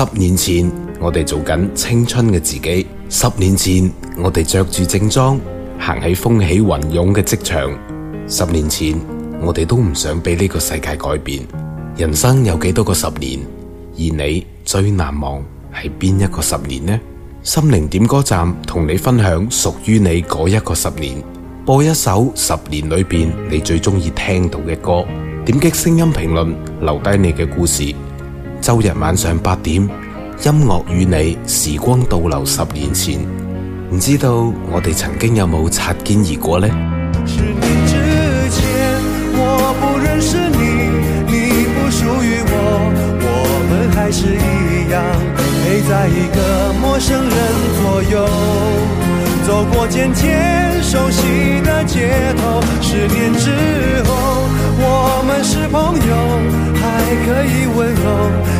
十年前我哋做緊青春嘅自己，十年前我哋着住正裝行喺風起雲湧嘅職場，十年前我哋都唔想俾呢個世界改變。人生有幾多個十年？而你最難忘係邊一個十年呢？心靈點歌站同你分享屬於你嗰一個十年，播一首十年裏邊你最中意聽到嘅歌，點擊聲音評論，留低你嘅故事。周日晚上八點，音樂與你，時光倒流十年前，唔知道我哋曾經有冇擦肩而過呢？十年之前，我不認識你，你不屬於我，我們還是一樣陪在一個陌生人左右，走過漸漸熟悉的街頭。十年之後，我們是朋友，還可以問候。